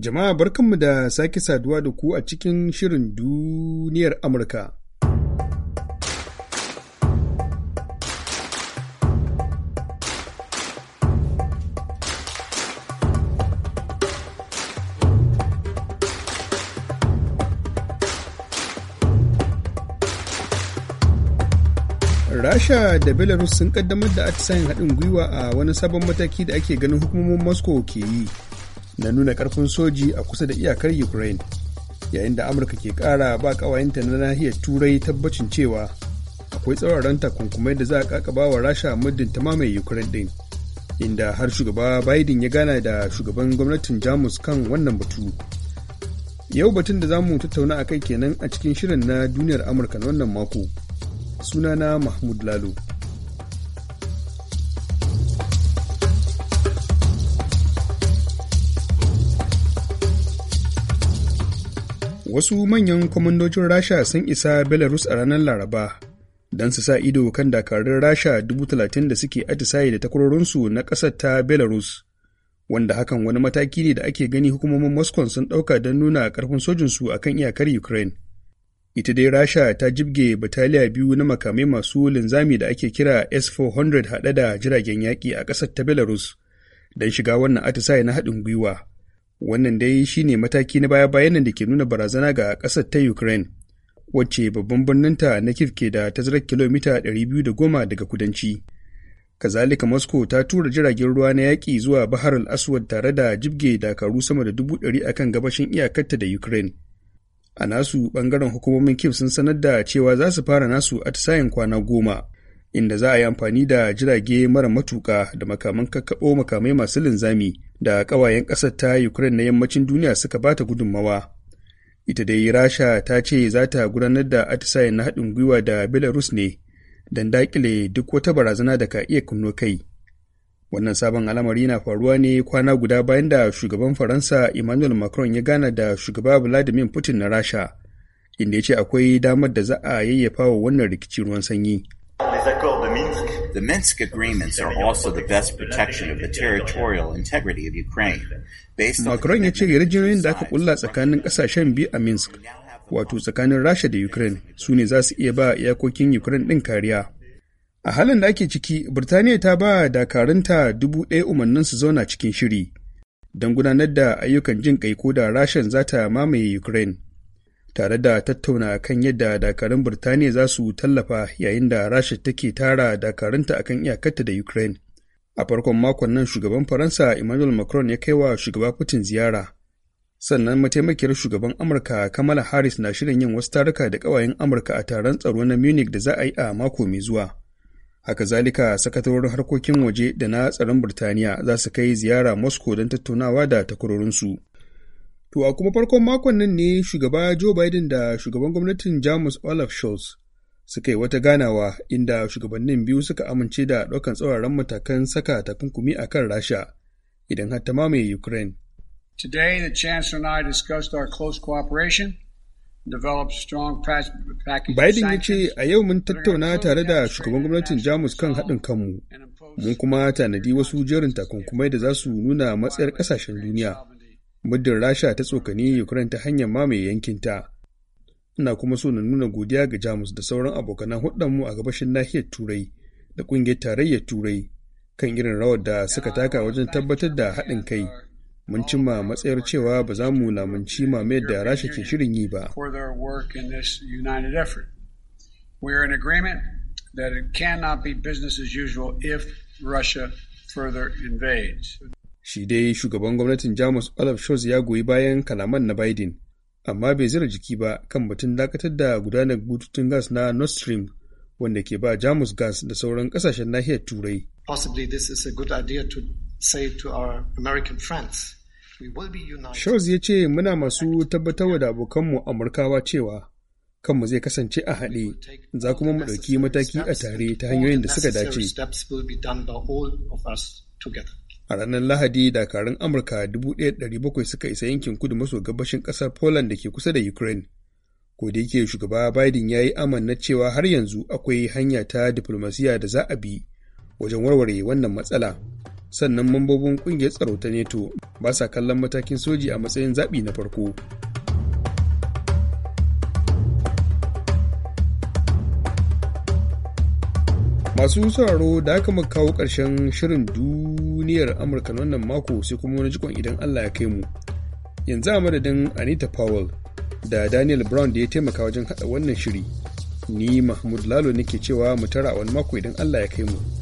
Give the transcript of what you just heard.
Jama'a barkanmu da sake saduwa da ku a cikin shirin duniyar Amurka. rasha da belarus sun kaddamar da atisayen haɗin gwiwa a wani sabon mataki da ake ganin hukumomin moscow ke yi na nuna karfin soji a kusa da iyakar ukraine yayin da amurka ke kara ba kawayenta na nahiyar turai tabbacin cewa akwai tsauraran takunkumai da za a kakaba wa rasha muddin ta mamaye ukraine din inda har shugaba biden ya gana da shugaban gwamnatin jamus kan wannan batu yau batun da za mu tattauna a kai kenan a cikin shirin na duniyar amurka na wannan mako sunana mahmud lalo wasu manyan kwamandocin rasha sun isa belarus a ranar laraba don su sa ido kan dakarun rasha 30,000 da suke atisaye da takwarorinsu na ƙasar ta belarus wanda hakan wani mataki ne da ake gani hukumomin moscow sun ɗauka don nuna ƙarfin sojinsu a kan iyakar ukraine ita dai rasha ta jibge bataliya biyu na makamai masu linzami da ake kira s-400 haɗe da jiragen yaƙi a ƙasar ta belarus don shiga wannan atisaye na haɗin gwiwa Wannan dai shi ne mataki na baya-bayan da ke nuna barazana ga ƙasar ta Ukraine, wacce babban birninta na kif ke da tazarar kilomita 210 daga kudanci. Kazalika Moscow ta tura jiragen ruwa na yaƙi zuwa Bahar al-Aswad tare da jibge dakaru sama da dubu ɗari akan gabashin iyakarta da Ukraine. A nasu ɓangaren hukumomin kif sun sanar da cewa za su fara nasu atisayen kwana goma. inda za a yi amfani da jirage mara matuka da makaman kakkaɓo makamai masu linzami da ƙawayen ƙasar ta Ukraine na yammacin duniya suka ba ta gudunmawa. Ita dai Rasha ta ce za ta gudanar da atisayen na haɗin gwiwa da Belarus ne don daƙile duk wata barazana da ka iya kunno kai. Wannan sabon al'amari na faruwa ne kwana guda bayan da shugaban Faransa Emmanuel Macron ya gana da shugaba Vladimir Putin na Rasha, inda ya ce akwai damar da za a yayyafa wa wannan rikicin ruwan sanyi. The Minsk agreements are also the best protection of the territorial integrity of Ukraine. Macron ya ce yarjejeniyoyin da aka kulla tsakanin kasashen biyu a Minsk, wato tsakanin Rasha da Ukraine, su ne za su iya ba iyakokin Ukraine ɗin kariya. A halin da ake ciki, Birtaniya ta ba dakarunta dubu ɗaya umarnin su zauna cikin shiri don gudanar da ayyukan jin kai ko da Rashan za ta mamaye Ukraine. tare da tattauna kan yadda dakarun Birtaniya za su tallafa yayin da Rasha take tara dakarunta akan iyakarta da Ukraine. A farkon makon nan shugaban Faransa Emmanuel Macron ya kai wa shugaba Putin ziyara. Sannan mataimakiyar shugaban Amurka Kamala Harris na shirin yin wasu taruka da ƙawayen Amurka a taron tsaro na Munich da za a yi a mako mai zuwa. Haka zalika sakatarorin harkokin waje da na tsaron Birtaniya za su kai ziyara Moscow don tattaunawa da takwarorinsu. To a kuma farkon makon nan ne shugaba Joe Biden da shugaban gwamnatin Jamus Olaf Scholz suka yi wata ganawa inda shugabannin biyu suka amince da ɗaukan tsauraran matakan saka takunkumi a kan Rasha idan har ta mamaye Ukraine. Today the Chancellor and I discussed our close cooperation Biden ya ce a yau mun tattauna tare da shugaban gwamnatin Jamus kan haɗin kanmu, mun kuma tanadi wasu jerin takunkumai da za su nuna matsayar ƙasashen duniya. muddin rasha ta tsokani ukraine ta hanyar mamaye yankinta ina kuma so na nuna godiya ga jamus da sauran abokanan mu a gabashin nahiyar turai da ƙungiyar tarayyar turai kan irin rawar da suka taka wajen tabbatar da haɗin kai mun cimma matsayar cewa ba za mu lamunci mamayar da rasha ke shirin yi ba it cannot be business as usual if Russia further invades. Shi dai shugaban gwamnatin Jamus Olaf Scholz ya goyi bayan kalaman na Biden, amma bai zira jiki ba kan batun dakatar da gudanar bututun gas na Nord Stream wanda ke ba Jamus gas da sauran kasashen nahiyar Turai. Possibly this a good idea to say to our American Scholz ya ce muna masu tabbatarwa da abokanmu Amurkawa cewa kanmu zai kasance a haɗe za kuma mu ɗauki mataki a tare ta hanyoyin da suka dace. a ranar lahadi dakarun amurka 1,700 suka isa yankin kudu maso gabashin kasar poland da ke kusa da ukraine ko da yake shugaba biden ya yi amanna cewa har yanzu akwai hanya ta diflomasiya da za a bi wajen warware wannan matsala sannan mambobin ƙungiyar tsaro ta neto ba sa kallon matakin soji a matsayin zaɓi na farko masu sauraro da aka kawo ƙarshen shirin du duniyar Amurka wannan mako sai kuma wani jikon idan Allah ya kai mu. Yanzu a madadin Anita Powell da Daniel Brown da ya taimaka wajen hada wannan shiri. Ni Mahmud Lalo nake cewa mu tara a wani mako idan Allah ya kai mu.